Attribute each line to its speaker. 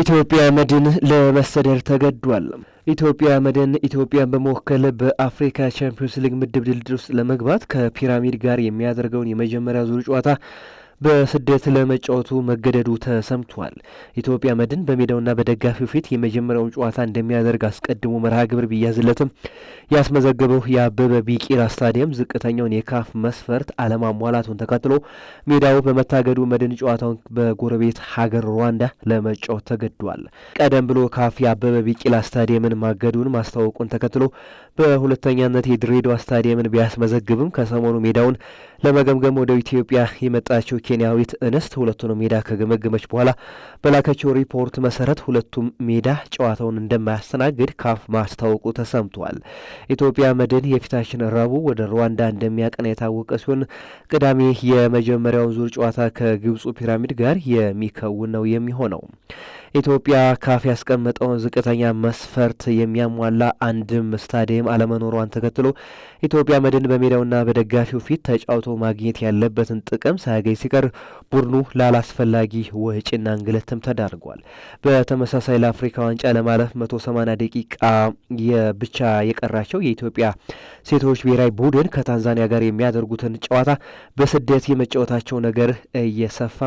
Speaker 1: ኢትዮጵያ መድን ለመሰደር ተገዷል። ኢትዮጵያ መድን ኢትዮጵያን በመወከል በአፍሪካ ቻምፒዮንስ ሊግ ምድብ ድልድል ውስጥ ለመግባት ከፒራሚድ ጋር የሚያደርገውን የመጀመሪያ ዙር ጨዋታ በስደት ለመጫወቱ መገደዱ ተሰምቷል። ኢትዮጵያ መድን በሜዳውና በደጋፊው ፊት የመጀመሪያውን ጨዋታ እንደሚያደርግ አስቀድሞ መርሃ ግብር ቢያዝለትም ያስመዘገበው የአበበ ቢቂላ ስታዲየም ዝቅተኛውን የካፍ መስፈርት አለማሟላቱን ተከትሎ ሜዳው በመታገዱ መድን ጨዋታውን በጎረቤት ሀገር ሩዋንዳ ለመጫወት ተገዷል። ቀደም ብሎ ካፍ የአበበ ቢቂላ ስታዲየምን ማገዱን ማስታወቁን ተከትሎ በሁለተኛነት የድሬዳዋ ስታዲየምን ቢያስመዘግብም ከሰሞኑ ሜዳውን ለመገምገም ወደ ኢትዮጵያ የመጣችው ኬንያዊት እንስት ሁለቱንም ሜዳ ከገመገመች በኋላ በላከችው ሪፖርት መሰረት ሁለቱም ሜዳ ጨዋታውን እንደማያስተናግድ ካፍ ማስታወቁ ተሰምቷል። ኢትዮጵያ መድን የፊታችን ረቡዕ ወደ ሩዋንዳ እንደሚያቀና የታወቀ ሲሆን ቅዳሜ የመጀመሪያውን ዙር ጨዋታ ከግብፁ ፒራሚድ ጋር የሚከውን ነው የሚሆነው። ኢትዮጵያ ካፍ ያስቀመጠውን ዝቅተኛ መስፈርት የሚያሟላ አንድም ስታዲየም አለመኖሯን ተከትሎ ኢትዮጵያ መድን በሜዳውና በደጋፊው ፊት ተጫውቶ ማግኘት ያለበትን ጥቅም ሳያገኝ ሲቀር ቡድኑ ላላስፈላጊ ወጪና እንግልትም ተዳርጓል። በተመሳሳይ ለአፍሪካ ዋንጫ ለማለፍ 180 ደቂቃ ብቻ የቀራቸው የኢትዮጵያ ሴቶች ብሔራዊ ቡድን ከታንዛኒያ ጋር የሚያደርጉትን ጨዋታ በስደት የመጫወታቸው ነገር እየሰፋ